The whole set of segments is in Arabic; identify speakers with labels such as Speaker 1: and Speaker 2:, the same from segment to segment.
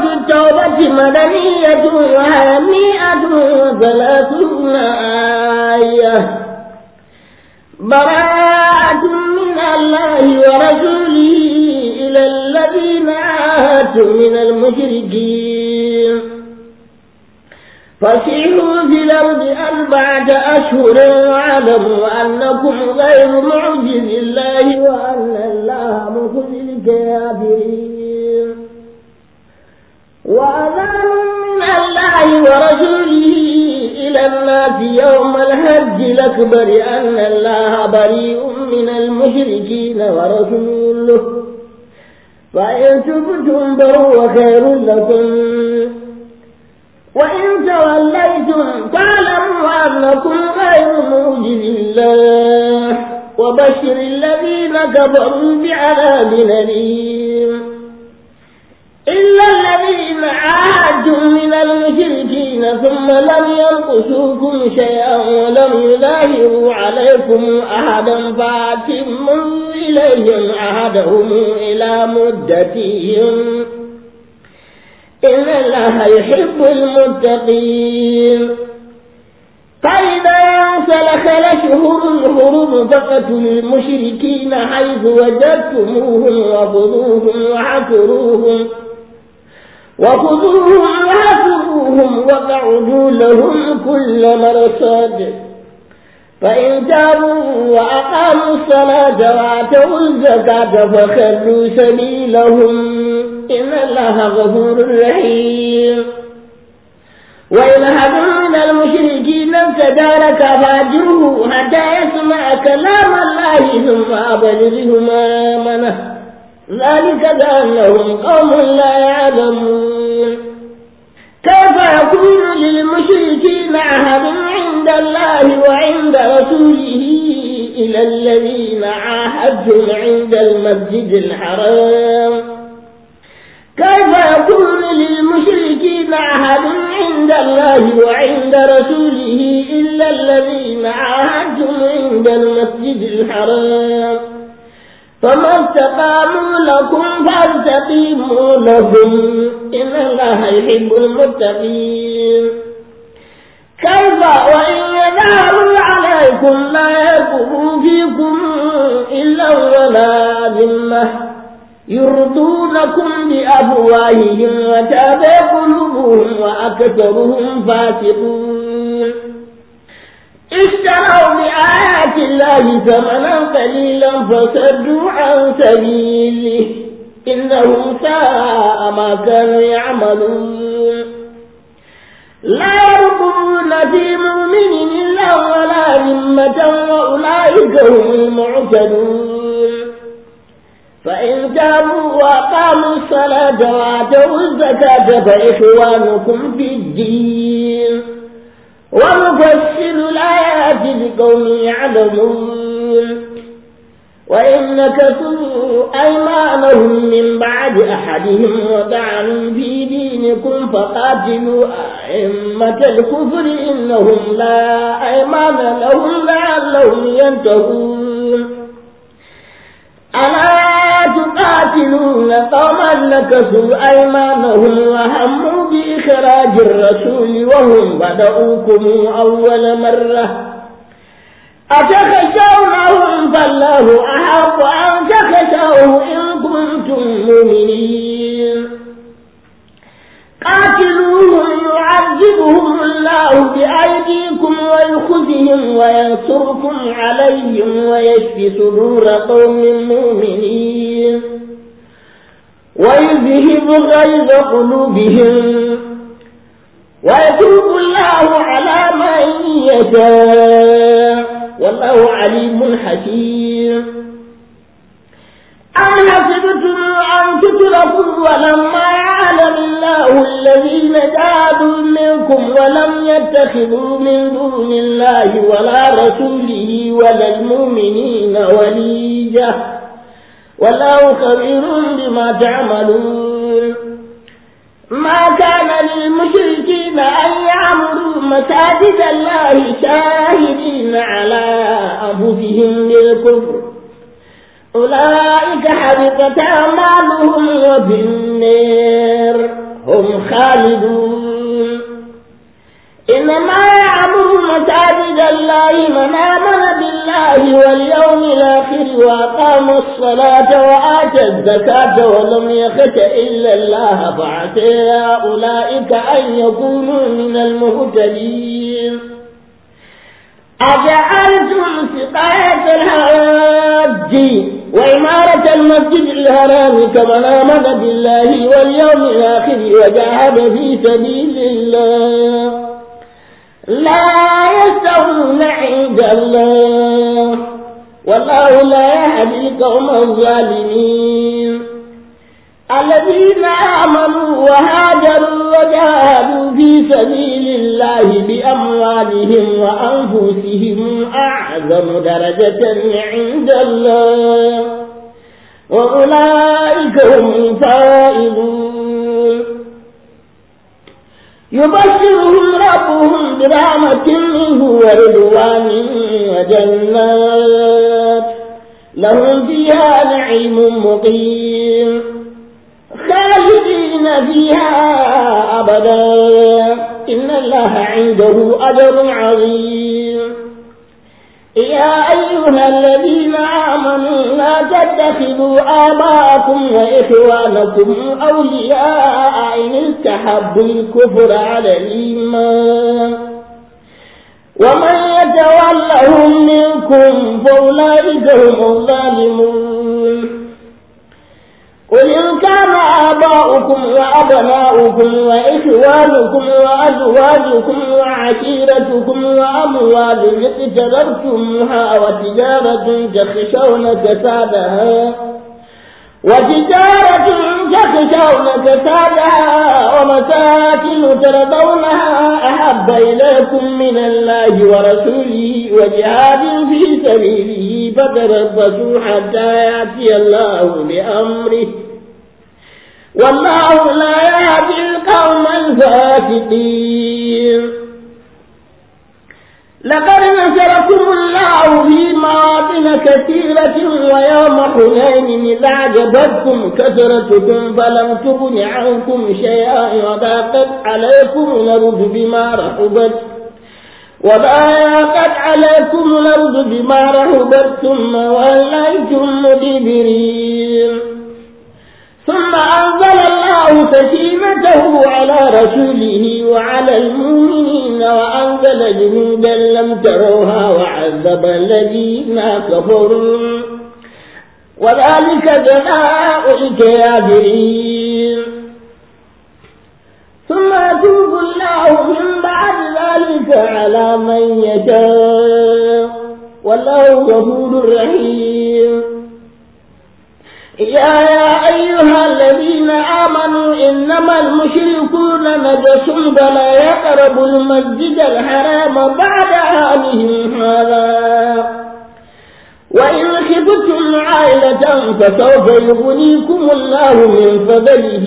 Speaker 1: شهادة التوبة مدنية وهنيئة ثلاثون آية براءة من الله ورسوله إلى الذين آتوا من المشركين فسيحوا في الأرض أربعة أشهر واعلموا أنكم غير معجز الله وأن الله مخزي الكافرين وأذان من الله ورسوله إلى الناس يوم الحج الأكبر أن الله بريء من المشركين ورسوله فإن تبتم فهو خير لكم وإن توليتم فاعلموا أنكم غير موجد الله وبشر الذين كفروا بعذاب أليم إلا الذين عادوا من المشركين ثم لم ينقصوكم شيئا ولم يظاهروا عليكم أحدا فأتموا إليهم أحدهم إلى مدتهم إن الله يحب المتقين فإذا انسلخ الأشهر الحرم فقتلوا المشركين حيث وجدتموهم وخذوهم وحصروهم وخذوهم واهجروهم وقعدوا لهم كل مرصاد فإن تابوا وأقاموا الصلاة وآتوا الزكاة فخلوا سبيلهم إن الله غفور رحيم وإن أحد من المشركين استدارك فأجره حتى يسمع كلام الله ثم أبلغه منه ذلك بأنهم قوم لا يعلمون كيف يكون للمشركين عهد عند الله وعند رسوله إلى الذين عاهدتم عند المسجد الحرام كيف يكون للمشركين عهد عند الله وعند رسوله إلا الذين عاهدتم عند المسجد الحرام فما استقاموا لكم فاستقيموا لهم إن الله يحب المتقين كيف وإن يدعوا عليكم لا يكون فيكم إلا ولا ذمة يرضونكم بأفواههم وتابع قلوبهم وأكثرهم فاسقون اشتروا بآيات الله ثمنا قليلا فصدوا عن سبيله إنهم ساء ما كانوا يعملون لا يرقبون في مؤمن إلا ولا ذمة وأولئك هم المعتدون فإن تابوا وأقاموا الصلاة وآتوا الزكاة فإخوانكم في الدين ومفسر الآيات لقوم يعلمون وإن نكثوا أيمانهم من بعد أحدهم وطعنوا في دينكم فقاتلوا أئمة الكفر إنهم لا أيمان لهم لعلهم ينتهون يقاتلون قوما نكثوا أيمانهم وهموا بإخراج الرسول وهم بدؤوكم أول مرة أتخشونهم فالله أحق أن تخشوه إن كنتم مؤمنين قاتلوهم يعذبهم الله بأيديكم ويخزهم وينصركم عليهم ويشفي صدور قوم مؤمنين ويذهب غيظ قلوبهم ويتوب الله على من يشاء والله عليم حكيم أم حسبتم أن تتركوا ولما يعلم الله الذين جادوا منكم ولم يتخذوا من دون الله ولا رسوله ولا المؤمنين وليجه والله خبير بما تعملون ما كان للمشركين أن يعمروا مساجد الله شاهدين على أنفسهم بالكفر أولئك حبطت أعمالهم وفي النار هم خالدون إنما مساجد الله من آمن بالله واليوم الآخر وأقام الصلاة وآتى الزكاة ولم يخت إلا الله فعسى أولئك أن يكونوا من المهتدين أجعلتم سقاية الحاج وعمارة المسجد الحرام كمن آمن بالله واليوم الآخر وجاهد في سبيل الله لا يسعون عند الله والله لا يهدي القوم الظالمين الذين آمنوا وهاجروا وجاهدوا في سبيل الله بأموالهم وأنفسهم أعظم درجة عند الله وأولئك هم الفائزون يبشرهم ربهم برحمة منه ورضوان وجنات لهم فيها نعيم مقيم خالدين فيها أبدا إن الله عنده أجر عظيم يا أيها الذين آمنوا لا تتخذوا آباءكم وإخوانكم أولياء إن استحبوا الكفر على الإيمان ومن يتولهم منكم فأولئك هم الظالمون قل إن كان آباؤكم وأبناؤكم وإخوانكم وأزواجكم وعشيرتكم وأموال اقترفتمها وتجارة تخشون كسادها وتجارة تخشون كسادها ومساكن ترضونها أحب إليكم من الله ورسوله وجهاد في سبيله فتربصوا حتى يأتي الله بأمره والله لا يهدي القوم الفاسقين لقد نزلكم الله في مواطن كثيرة ويوم حنين إذا أعجبتكم كثرتكم فلم تغن عنكم شيئا وضاقت عليكم الأرض بما رحبت وضاقت عليكم الأرض بما رحبت ثم وليتم مدبرين ثم أنزل الله سكينته على رسوله وعلى المؤمنين وأنزل جنودا لم تروها وعذب الذين كفروا وذلك جزاء الكافرين ثم يتوب الله من بعد ذلك على من يشاء والله غفور رحيم يا أيها الذين آمنوا إنما المشركون نجس فلا يقربوا المسجد الحرام بعد عامهم هذا وإن خفتم عائلة فسوف يغنيكم الله من فضله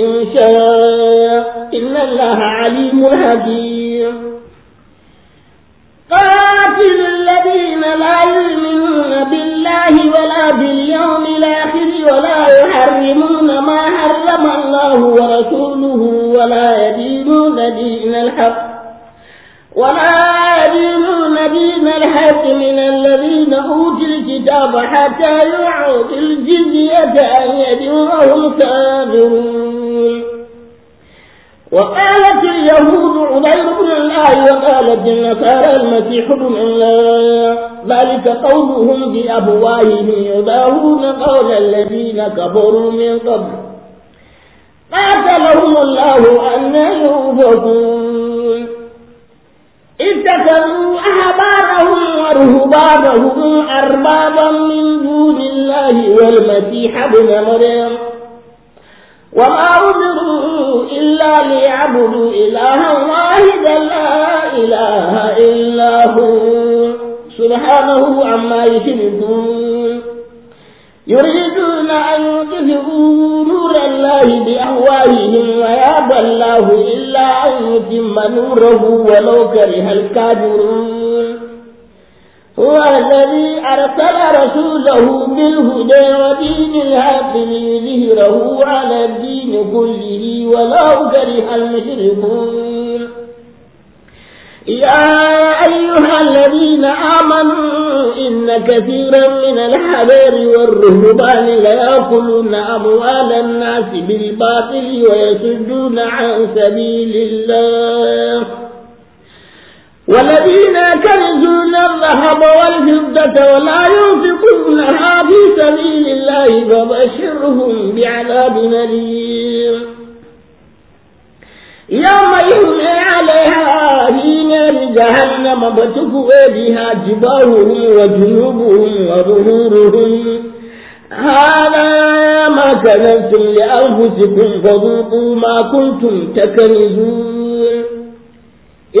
Speaker 1: إن شاء إن الله عليم حكيم قاتل الذين لا يؤمنون بالله وما يدينون دين الحق من الذين أوتوا الكتاب حتى يعود الجزية أن وهم كافرون وقالت اليهود عبير بن الله وقالت النصارى المسيح بن الله ذلك قولهم بأبواههم يباهون قول الذين كفروا من قبل قاتلهم الله أن يوفقون اتخذوا أحبارهم ورهبانهم أربابا من دون الله والمسيح ابن مريم وما أمروا إلا ليعبدوا إلها واحدا لا إله إلا هو سبحانه عما يشركون يريدون أن يطفئوا نور الله بأهوائهم ويأبى الله إلا إلا أن يتم نوره ولو كره الكافرون هو الذي أرسل رسوله بالهدى ودين الحق ليظهره على الدين كله ولو كره المشركون يا أيها الذين آمنوا إن كثيرا من الحبار والرهبان ليأكلون أموال الناس بالباطل ويسدون عن سبيل الله
Speaker 2: والذين كنزون الذهب
Speaker 1: والفضة ولا ينفقونها في سبيل الله فبشرهم بعذاب أليم
Speaker 2: يوم يهمي عليها في
Speaker 1: نار جهنم فتكوى بها جباههم وجنوبهم وظهورهم هذا ما كنتم لأنفسكم فذوقوا ما كنتم تكنزون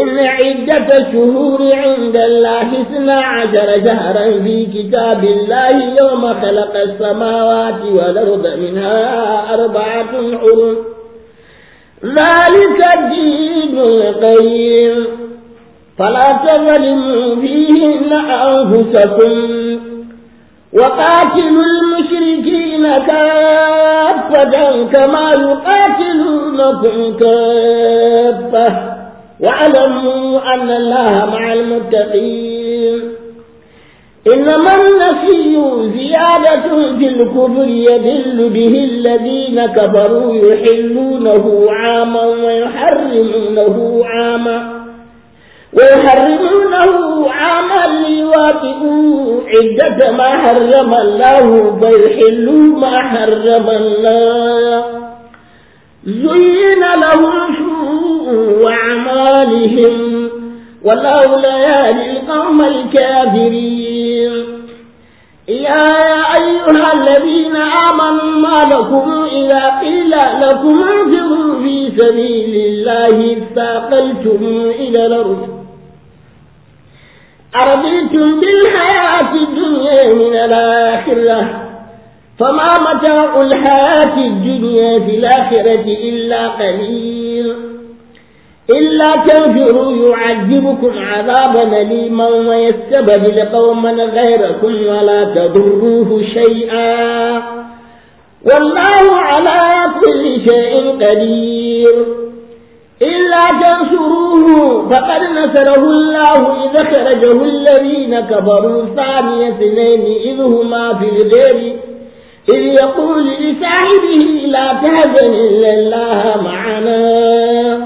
Speaker 1: إن عدة شهور عند الله اثنا عشر شهرا في كتاب الله يوم خلق السماوات والأرض منها أربعة حرم ذلك الدين القيم فلا تظلموا فيهن أنفسكم وقاتلوا المشركين كافة كما يقاتلونكم كافة واعلموا أن الله مع المتقين إنما النسي زيادة في الكفر يدل به الذين كفروا يحلونه عاما ويحرمونه عاما ويحرمونه عن ليواكبوا عدة ما حرم الله ويحلوا ما حرم الله زين لهم سوء أعمالهم والله لا يهدي القوم الكافرين يا أيها الذين آمنوا ما لكم إذا قيل لكم انفروا في سبيل الله استاقلتم إلى الأرض أرضيتم بالحياة الدنيا من الآخرة فما متاع الحياة الدنيا في الآخرة إلا قليل إلا تنفروا يعذبكم عذابا أليما ويستبدل قوما غيركم ولا تضروه شيئا والله على كل شيء قدير إلا تنصروه فقد نصره الله إذا خرجه الذين كفروا ثاني اثنين إذ هما في الغير إذ يقول لصاحبه لا تهزن إلا الله معنا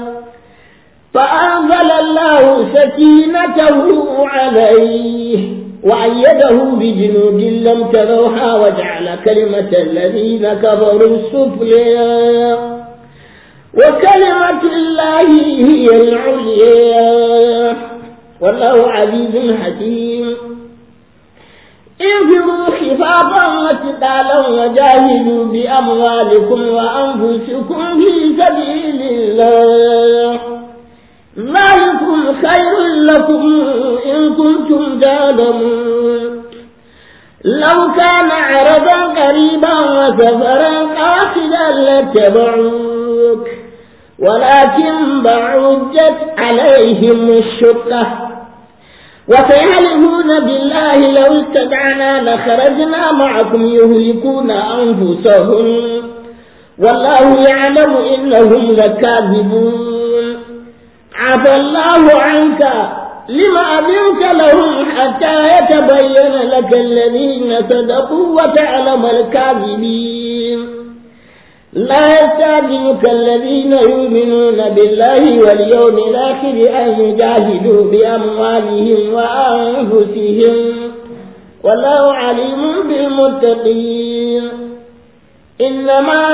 Speaker 1: فأنزل الله سكينته عليه وأيده بجنود لم تروها وجعل كلمة الذين كفروا السفلى وكلمة الله هي العليا والله عزيز حكيم انفروا خفافا وثقالا وجاهدوا بأموالكم وأنفسكم في سبيل الله ذلكم خير لكم إن كنتم تعلمون لو كان عرضا قريبا وسفرا قاصدا لاتبعوه ولكن بعجت عليهم الشقة وسيعلمون بالله لو استدعنا لخرجنا معكم يهلكون أنفسهم والله يعلم إنهم لكاذبون عفى الله عنك لما أذنت لهم حتى يتبين لك الذين صدقوا وتعلم الكاذبين لا يستعجلك الذين يؤمنون بالله واليوم الآخر أن يجاهدوا بأموالهم وأنفسهم والله عليم بالمتقين إنما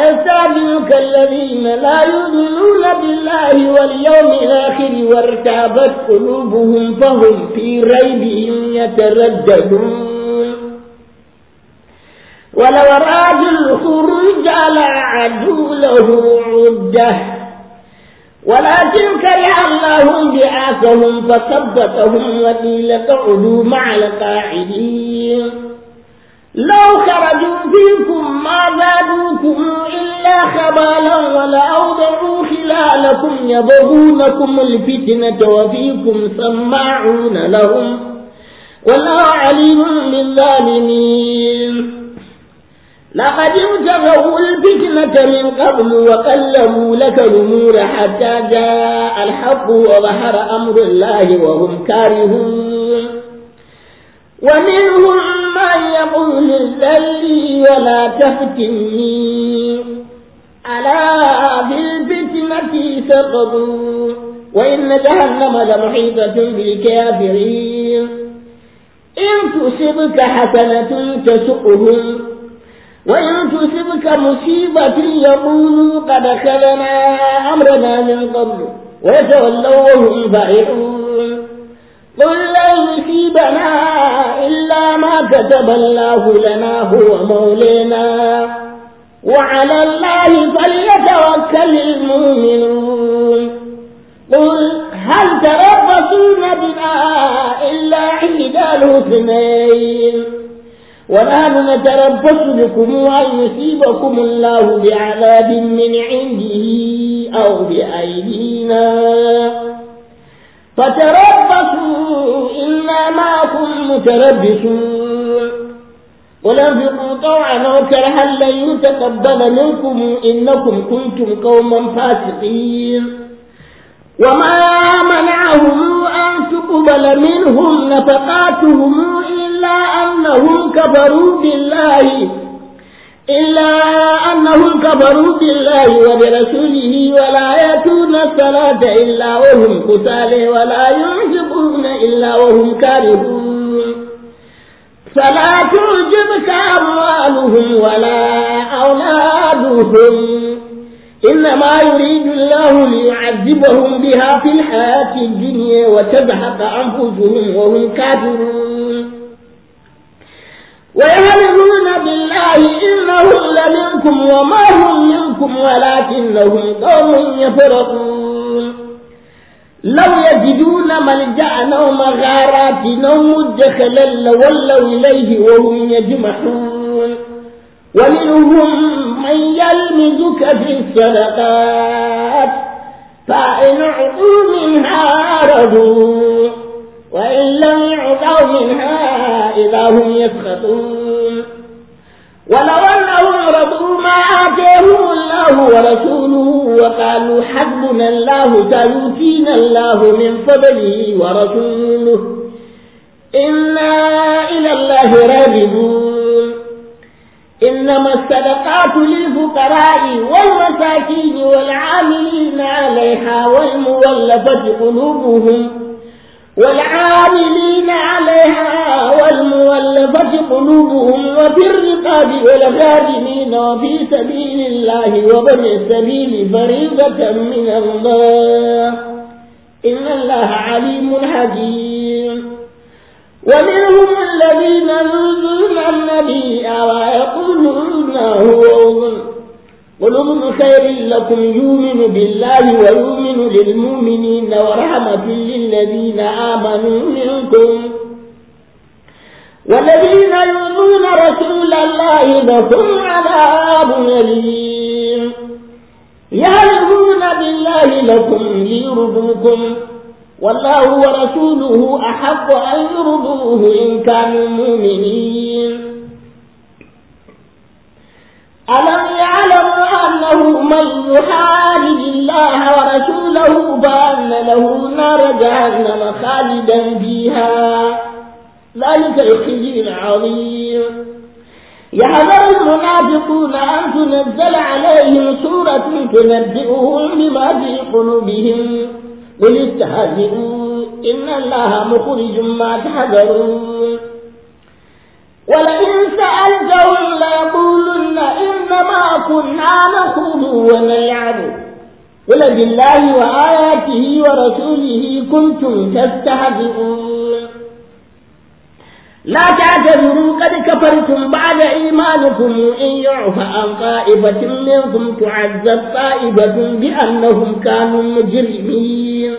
Speaker 1: يستعجلك الذين لا يؤمنون بالله واليوم الآخر وارتابت قلوبهم فهم في ريبهم يترددون ولو أراد الخروج على عدو له عده ولكن كره الله بعاثهم فثبتهم وقيل لتعدوا مع القاعدين لو خرجوا فيكم ما زادوكم إلا خبالا ولأوضعوا خلالكم يبغونكم الفتنة وفيكم سماعون لهم والله عليم بالظالمين لقد ابتغوا الفتنة من قبل وقلبوا لك الأمور حتى جاء الحق وظهر أمر الله وهم كارهون ومنهم من يقول ذلي ولا تفتني ألا بالفتنة سقطوا وإن جهنم لمحيطة بالكافرين إن تصبك حسنة تسؤهم وإن تصبك مصيبة يقولوا قد خلنا أمرنا من قبل ويتولوا وهم فرحون قل لن يصيبنا إلا ما كتب الله لنا هو مولينا وعلى الله فليتوكل المؤمنون قل هل تربصون بنا إلا حدال اثنين ونحن نتربص بكم أن يصيبكم الله بعذاب من عنده أو بأيدينا فتربصوا إنا معكم متربصون ولنفقوا طوعا أو كرها لن يتقبل منكم إنكم كنتم قوما فاسقين وما منعهم أن تقبل منهم نفقاتهم إلا أنهم كفروا بالله إلا أنهم كفروا بالله وبرسوله ولا يأتون الصلاة إلا وهم قتال ولا ينفقون إلا وهم كارهون فلا تعجبك أموالهم ولا أولادهم إنما يريد الله ليعذبهم بها في الحياة الدنيا وتذهب أنفسهم وهم كافرون ويحلفون بالله إنهم لمنكم وما هم منكم ولكنهم قوم يفرقون لو يجدون ملجأ أو مغارات أو مدخلا لولوا إليه وهم يجمحون ومنهم من يلمزك في الصدقات فإن أعطوا منها رضوا وإن لم يعطوا منها إذا هم يسخطون ولو أنهم رضوا ما آتيهم الله ورسوله وقالوا حسبنا الله سيؤتينا الله من فضله ورسوله إنا إلى الله راغبون إنما الصدقات للفقراء والمساكين والعاملين عليها والمولفة قلوبهم والعاملين عليها والمولفة قلوبهم وفي الرقاب والغارمين وفي سبيل الله وبن السبيل فريضة من الله إن الله عليم حكيم ومنهم الذين يؤذون النبي ويقولون هو قلوب خير لكم يؤمن بالله ويؤمن للمؤمنين ورحمة للذين آمنوا منكم والذين يؤذون رسول الله لهم عذاب أليم يعرفون بالله لكم ليرضوكم والله ورسوله أحق أن يرضوه إن كانوا مؤمنين ألم يعلم أنه من يحارب الله ورسوله بأن له نار جهنم خالدا فيها ذلك الخزي العظيم يحذر المنافقون أن تنزل عليهم سورة تنبئهم بما في قلوبهم قل استهزئوا إن الله مخرج ما تحذرون ولئن سألتهم ليقولن إنما كنا نخوض ونلعب قل بالله وآياته ورسوله كنتم تستهزئون لا تعتذروا قد كفرتم بعد إيمانكم إن يعف عن طائفة منكم تعذب طائفة بأنهم كانوا مجرمين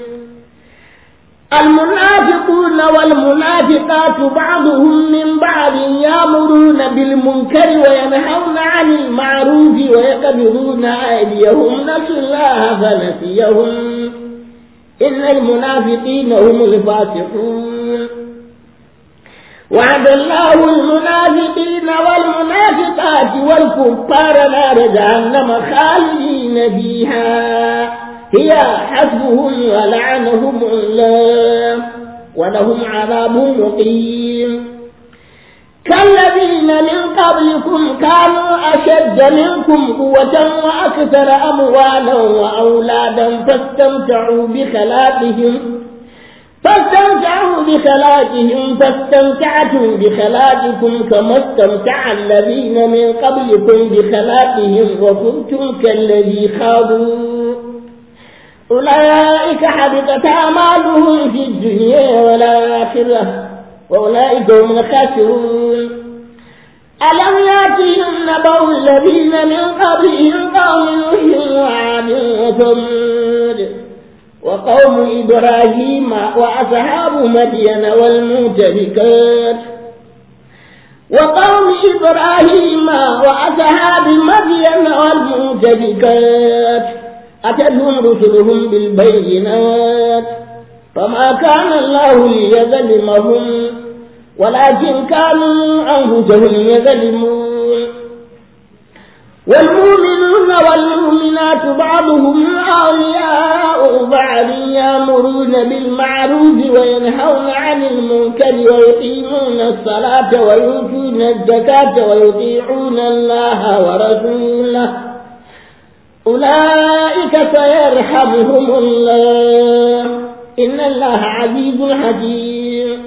Speaker 1: المنافقون والمنافقات بعضهم من بعض يامرون بالمنكر وينهون عن المعروف ويقبضون أيديهم نسوا الله فنسيهم إن المنافقين هم الفاسقون وعد الله المنافقين والمنافقات والكفار نار جهنم خالدين فيها هي حسبهم ولعنهم الله ولهم عذاب مقيم كالذين من قبلكم كانوا أشد منكم قوة وأكثر أموالا وأولادا فاستمتعوا بخلاقهم فاستمتعوا بخلاقهم فاستمتعتم بخلاقكم كما استمتع الذين من قبلكم بخلاقهم وكنتم كالذي خاضوا أولئك حبطت أعمالهم في الدنيا والآخرة وأولئك هم الخاسرون ألم يأتهم نبأ الذين من قبلهم قوم نوح وعاد وثمود وقوم إبراهيم وأصحاب مدين والمؤتفكات وقوم إبراهيم وأصحاب مدين والمؤتفكات أتتهم رسلهم بالبينات فما كان الله ليظلمهم ولكن كانوا أنفسهم يظلمون والمؤمنون والمؤمنات بعضهم أولياء بعض يأمرون بالمعروف وينهون عن المنكر ويقيمون الصلاة ويؤتون الزكاة ويطيعون الله ورسوله أولئك سيرحمهم الله إن الله عزيز حكيم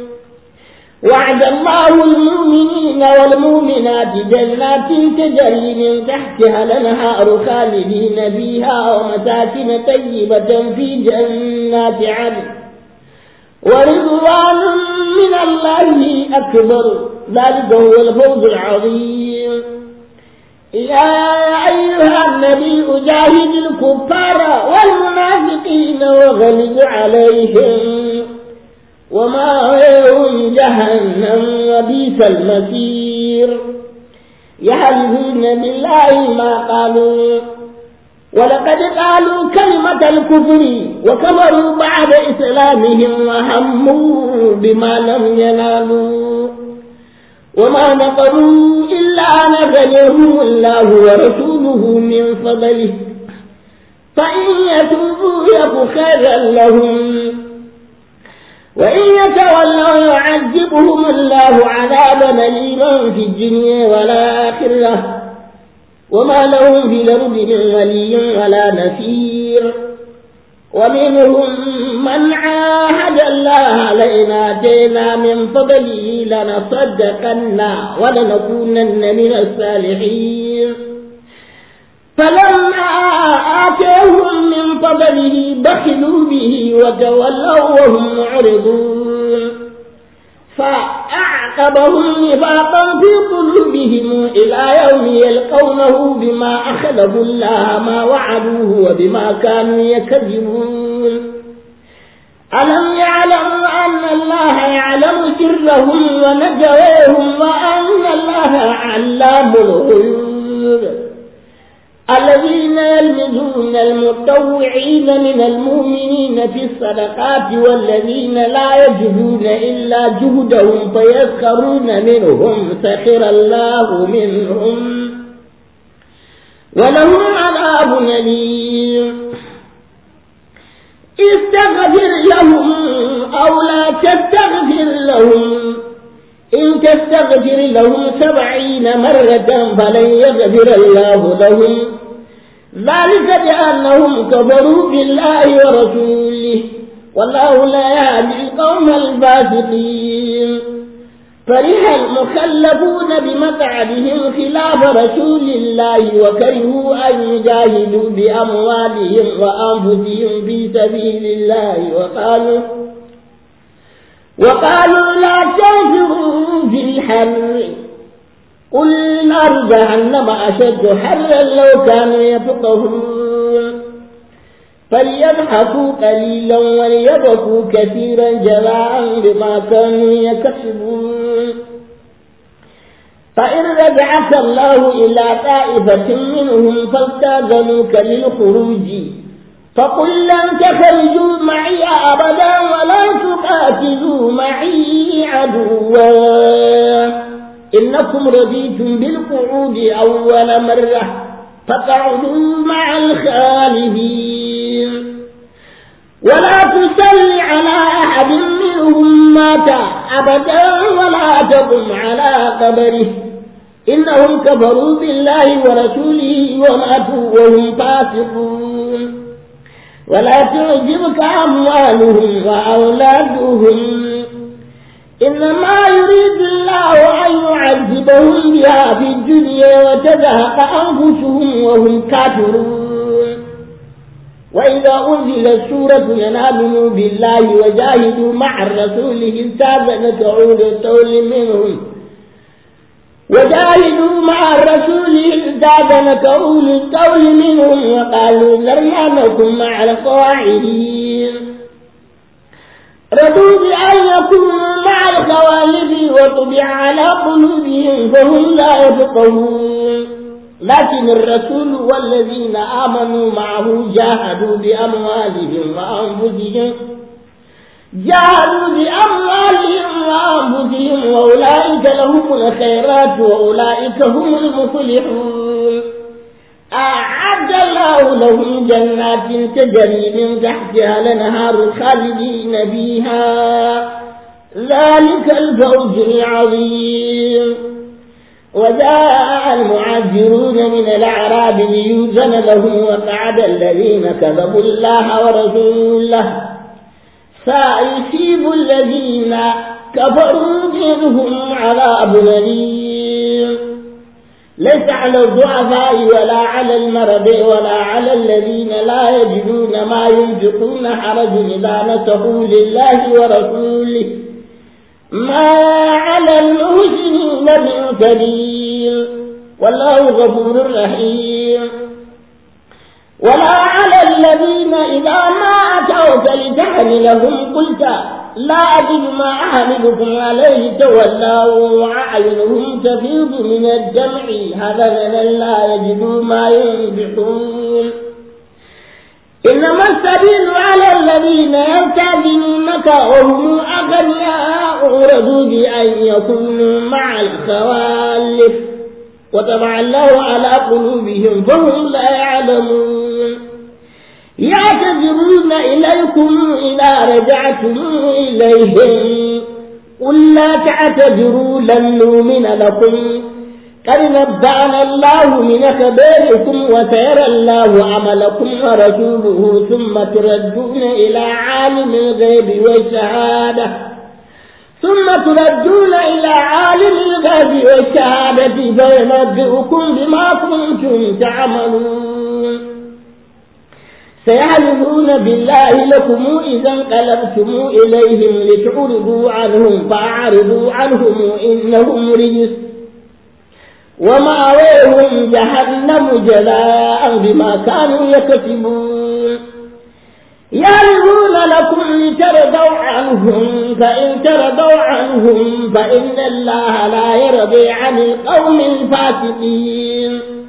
Speaker 1: وعد الله المؤمنين والمؤمنات جنات تجري من تحتها الأنهار خالدين فيها ومساكن طيبة في جنات عدن ورضوان من الله أكبر ذلك هو الفوز العظيم يا أيها النبي أجاهد الكفار والمنافقين وغلب عليهم وما وماويهم جهنم وبئس المسير يحلفون بالله ما قالوا ولقد قالوا كلمة الكفر وكفروا بعد إسلامهم وهموا بما لم ينالوا وما نقروا إلا نزلهم الله ورسوله من فضله فإن يتوبوا يكو خيرا لهم وإن يتولوا يعذبهم الله عذابا أليما في الدنيا والآخرة وما لهم في الأرض من ولا نفير ومنهم من عاهد الله لئن من فضله لنصدقن ولنكونن من الصالحين فلما آتاهم من فضله بخلوا به وتولوا وهم معرضون فأعقبهم نفاقا في قلوبهم إلى يوم يلقونه بما أخذه الله ما وعدوه وبما كانوا يكذبون ألم يعلموا أن الله يعلم سرهم ونجواهم وأن الله علام الغيوب الذين يلمزون المتوعين من المؤمنين في الصدقات والذين لا يجهون إلا جهدهم فيسخرون منهم سخر الله منهم ولهم عذاب أليم استغفر لهم أو لا تستغفر لهم إن تستغفر لهم سبعين مرة فلن يغفر الله لهم ذلك بأنهم كفروا بالله ورسوله والله لا يهدي القوم الفاسقين فرح المخلفون بمقعدهم خلاف رسول الله وكرهوا أن يجاهدوا بأموالهم وأنفسهم في سبيل الله وقالوا وقالوا لا تنفروا في الحر قل النار جهنم أشد حرا لو كانوا يفقهون فليضحكوا قليلا وليبكوا كثيرا جزاء بما كانوا يكسبون فإن رجعك الله إلى طائفة منهم فاستاذنوك للخروج فقل لن تخرجوا معي أبدا ولا تقاتلوا معي عدوا إنكم رضيتم بالقعود أول مرة فقعدوا مع الخالدين ولا تصل على أحد منهم مات أبدا ولا تقم على قبره إنهم كفروا بالله ورسوله وماتوا وهم فاسقون ولا تعجبك أموالهم وأولادهم إنما يريد الله أن يعذبهم بها في الدنيا وتزهق أنفسهم وهم كافرون وإذا أنزلت سورة أن آمنوا بالله وجاهدوا مع الرسول إن استاذنك عود منهم وجاهدوا مع الرسول استاذنك أولي منهم وقالوا ذرنا معكم مع القواعدين رضوا بأن يكونوا مع الخوالف وطبع على قلوبهم فهم لا يفقهون لكن الرسول والذين آمنوا معه جاهدوا بأموالهم وأنفسهم جاهدوا بأموالهم وأنفسهم وأولئك لهم الخيرات وأولئك هم المفلحون أعد الله لهم جنات تجري من تحتها الأنهار خالدين فيها ذلك الفوز العظيم وجاء المعذرون من الأعراب ليوزن لهم وقعد الذين كذبوا الله ورسوله سيصيب الذين كفروا منهم عذاب أليم ليس على الضعفاء ولا على المرض ولا على الذين لا يجدون ما ينفقون حرج إذا نسخوا لله ورسوله ما على المحسنين من سبيل والله غفور رحيم ولا على الذين إذا ما أتوك لتحملهم قلت لا أجد ما أحملكم عليه تولوا وأعينهم تفيض من الدمع من لا يجدوا ما ينفقون إنما السبيل على الذين يرتدونك وهم أغنياء رضوا بأن يكونوا مع الخوالف وتبع الله على قلوبهم فهم لا يعلمون يعتذرون إليكم إذا رجعتم إليهم قل لا تعتذروا لن نؤمن لكم قد نبأنا الله من خبركم وسيرى الله عملكم ورسوله ثم تردون إلى عالم الغيب والشهادة ثم تردون إلى عالم الغيب والشهادة فينبئكم بما كنتم تعملون سيحلفون بالله لكم إذا انقلبتم إليهم لتعرضوا عنهم فأعرضوا عنهم إنهم رجس ومأويهم جهنم جلاء بما كانوا يكتبون يعرضون لكم لترضوا عنهم فإن ترضوا عنهم فإن الله لا يرضي عن القوم الفاسقين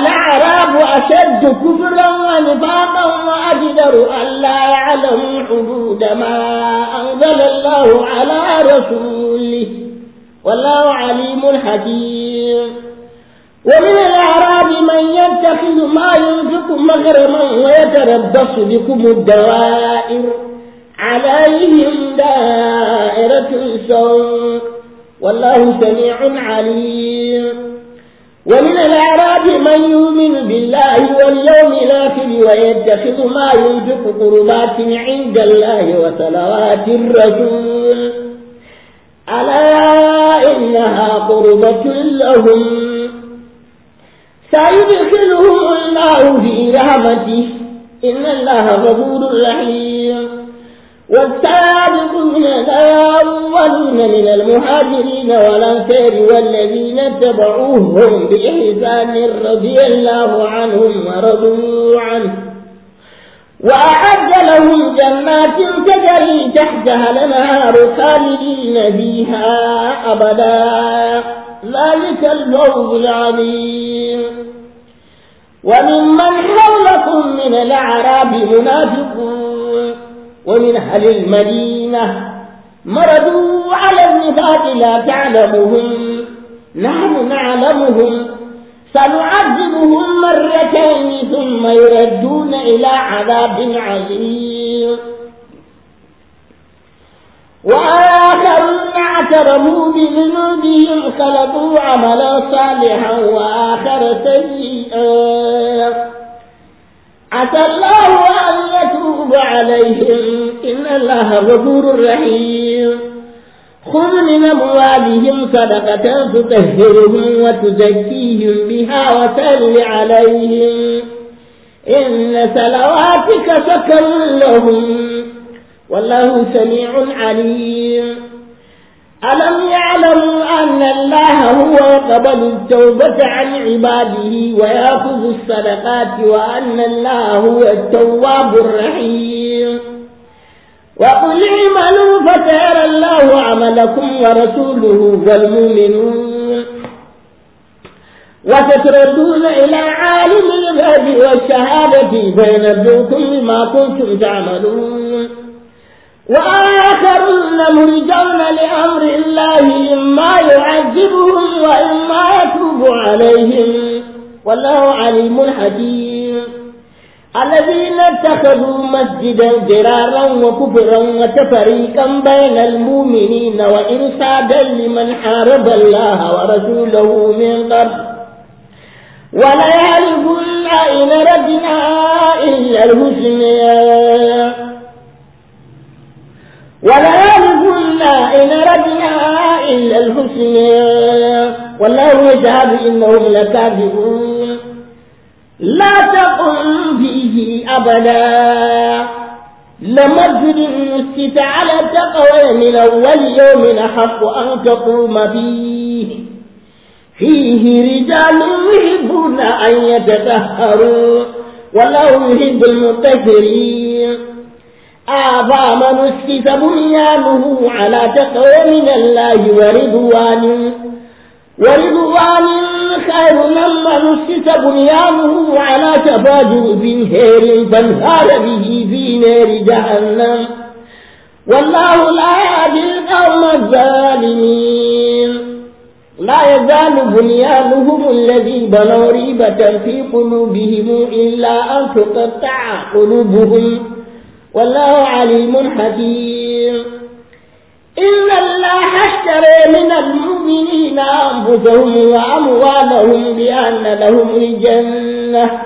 Speaker 1: الأعراب أشد كفرا ونفاقا وأجدر ألا يعلموا حدود ما أنزل الله على رسوله والله عليم حكيم ومن الأعراب من يتخذ ما ينفق مغرما ويتربص بكم الدوائر عليهم دائرة السوء والله سميع عليم ومن الأعراب من يؤمن بالله واليوم الآخر ويتخذ ما ينفق قربات عند الله وصلوات الرسول ألا إنها قربة لهم سيدخلهم الله في رحمته إن الله غفور رحيم والسابقون الأول من المهاجرين والأنصار والذين تبعوهم بإحسان رضي الله عنهم ورضوا عنه وأعد لهم جنات تجري تحتها الأنهار خالدين فيها أبدا ذلك الفوز العظيم وممن حولكم من الأعراب منافقون ومن أهل المدينة مردوا على النفاق لا تعلمهم نحن نعلمهم سنعذبهم مرتين ثم يردون إلى عذاب عظيم وآخرون اعترفوا بذنوبهم خلقوا عملا صالحا وآخر سيئا عسى الله تغضب عليهم إن الله غفور رحيم خذ من أموالهم صدقة تطهرهم وتزكيهم بها وسل عليهم إن صلواتك سكن لهم والله سميع عليم ألم يعلموا أن الله هو يقبل التوبة عن عباده ويأخذ الصدقات وأن الله هو التواب الرحيم وقل اعملوا فسيرى الله عملكم ورسوله والمؤمنون وستردون إلى عالم الغيب والشهادة فينبئكم بما كنتم تعملون وآخرون مرجون لأمر الله إما يعذبهم وإما يتوب عليهم والله عليم حكيم الذين اتخذوا مسجدا ضرارا وكفرا وتفريقا بين المؤمنين وإرسادا لمن حارب الله ورسوله من قبل ولا يعرفن إن ردنا إلا المسلمين ولا يرجعنا إن رجنا إلا الحسنى والله يشهد إنهم لكاذبون لا تقم فيه أبدا لمسجد مسجد على تقوى من أول يوم أحق أن تقوم فيه فيه رجال يحبون أن يتطهروا والله يحب المطهرين آثى من بنيانه على تقوى من الله ورضوان ورضوان خير لما نسكت بنيانه على تفاجر بنهير فانهار به في نار جهنم والله لا يهدي القوم الظالمين لا يزال بنيانهم الذي بنوا ريبة في قلوبهم إلا أن تقطع قلوبهم والله عليم حكيم إن الله اشترى من المؤمنين أنفسهم وأموالهم بأن لهم الجنة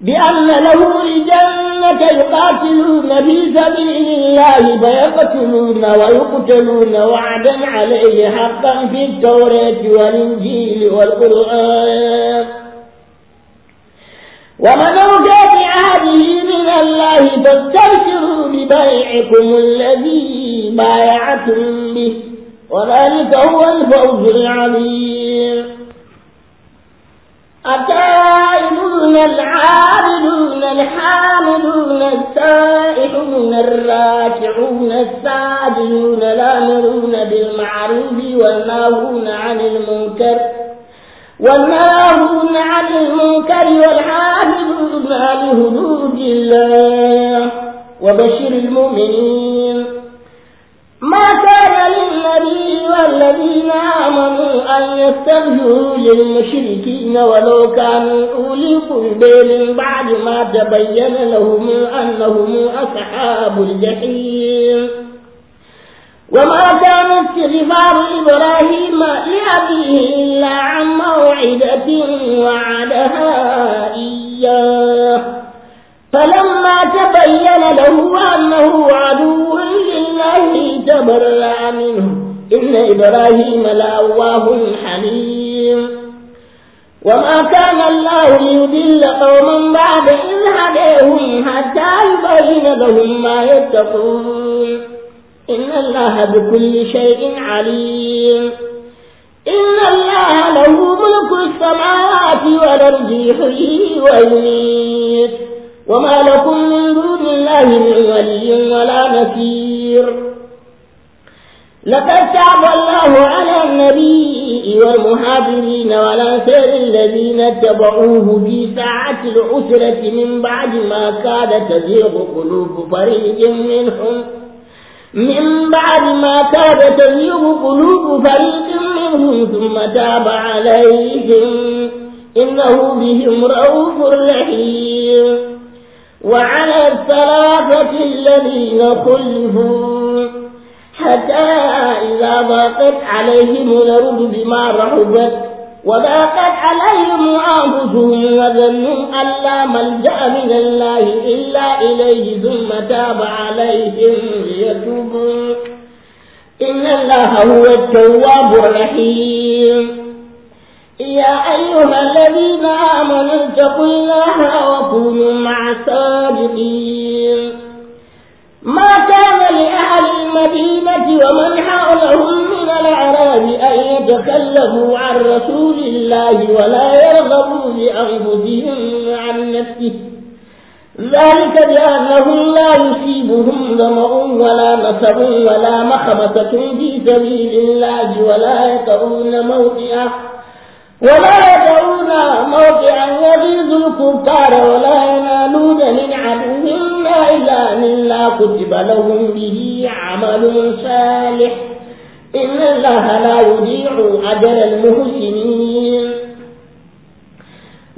Speaker 1: بأن لهم الجنة يقاتلون في سبيل الله فيقتلون ويقتلون وعدا عليه حقا في التوراة والإنجيل والقرآن ومنوجات عهده من الله فاستبشروا ببيعكم الذي بايعتم به وذلك هو الفوز العظيم التائبون العابدون الحامدون السائحون الراكعون الساجدون الامرون بالمعروف والناهون عن المنكر والناهون عن المنكر والحافظون لهدود الله وبشر المؤمنين ما كان للنبي والذين آمنوا أن يستغلوا للمشركين ولو كانوا أولي قربين من بعد ما تبين لهم أنهم أصحاب الجحيم وما كان استغفار إبراهيم لأبيه إلا عن موعدة وعدها إياه فلما تبين له أنه عدو لله تبرأ منه إن إبراهيم لأواه حليم وما كان الله ليضل قوما بعد إذ هديهم حتى يبين لهم ما يتقون إن الله بكل شيء عليم إن الله له ملك السماوات والأرض يحيي ويميت وما لكم من دون الله من ولي ولا نصير لقد تعب الله على النبي والمهاجرين والأنصار الذين اتبعوه في ساعة العسرة من بعد ما كاد تزيغ قلوب فريق منهم من بعد ما كاد تزيغ قلوب فريق منهم ثم تاب عليهم إنه بهم رؤوف رحيم وعلى الثلاثة الذين خلفوا حتى إذا ضاقت عليهم الأرض بما رحبت وذاقت عليهم أنفسهم وظنوا أن لا ملجأ من الله إلا إليه ثم تاب عليهم ليتوبوا إن الله هو التواب الرحيم يا أيها الذين آمنوا اتقوا الله وكونوا مع الصادقين ما كان المدينة ومن حولهم من الأعراب أن يتكلموا عن رسول الله ولا يرغبوا بأنفسهم عن نفسه ذلك بأنهم لا يصيبهم ظمأ ولا نصب ولا مخبطة في سبيل الله ولا يطعون موطئا ولا يدعون موضعا يغيظ الكفار ولا ينالون من إلا مما كتب لهم به عمل صالح إن الله لا يضيع أجر المحسنين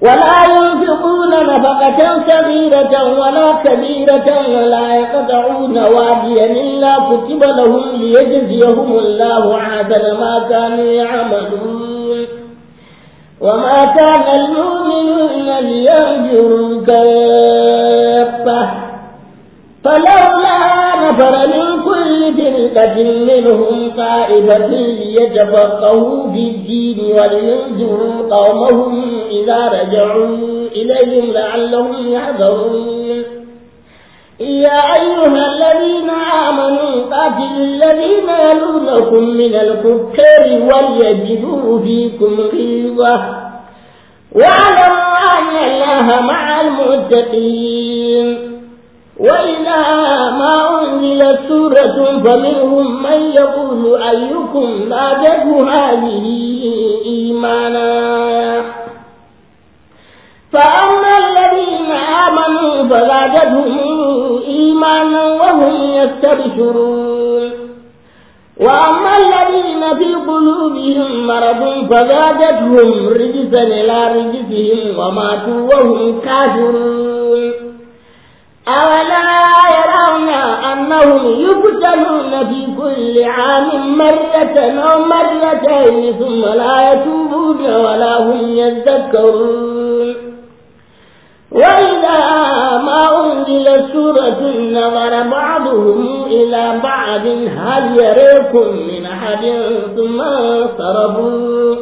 Speaker 1: ولا ينفقون نفقة صغيرة ولا كبيرة ولا يقطعون واديا إلا كتب لهم ليجزيهم الله عدل ما كانوا يعملون وما كان المؤمنون ليهجروا كافة فلولا نفر من كل فرقة منهم طائفة ليتفقهوا في الدين ولينذروا قومهم إذا رجعوا إليهم لعلهم يحذرون يا أيها الذين آمنوا قاتلوا الذين يلونكم من الكفار وليجدوا فيكم غلظة وعلى أن الله مع المتقين وإذا ما أنزلت سورة فمنهم من يقول أيكم زادته هذه إيمانا فأما الذين آمنوا فزادتهم إيمانا وهم يستبشرون وأما الذين في قلوبهم مرض فزادتهم رجسا إلى رجسهم وماتوا وهم كافرون أولا يرون أنهم يقتلون في كل عام مرة أو مرتين ثم لا يتوبون ولا هم يذكرون وإذا ما أنزلت سورة نظر بعضهم إلى بعض هل يريكم من أحد ثم صرفوا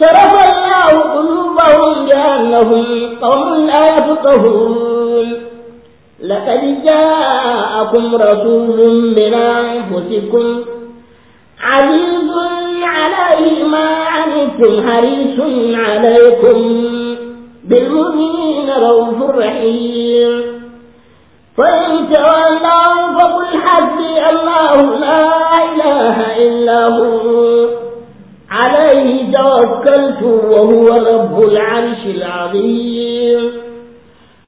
Speaker 1: صرف الله قلوبهم بأنهم قوم لا يفقهون لقد جاءكم رسول من أنفسكم عزيز عليه ما عنتم حريص عليكم بالمؤمنين روح رحيم فإن تولوا فقل حسبي الله لا إله إلا هو عليه توكلت وهو رب العرش العظيم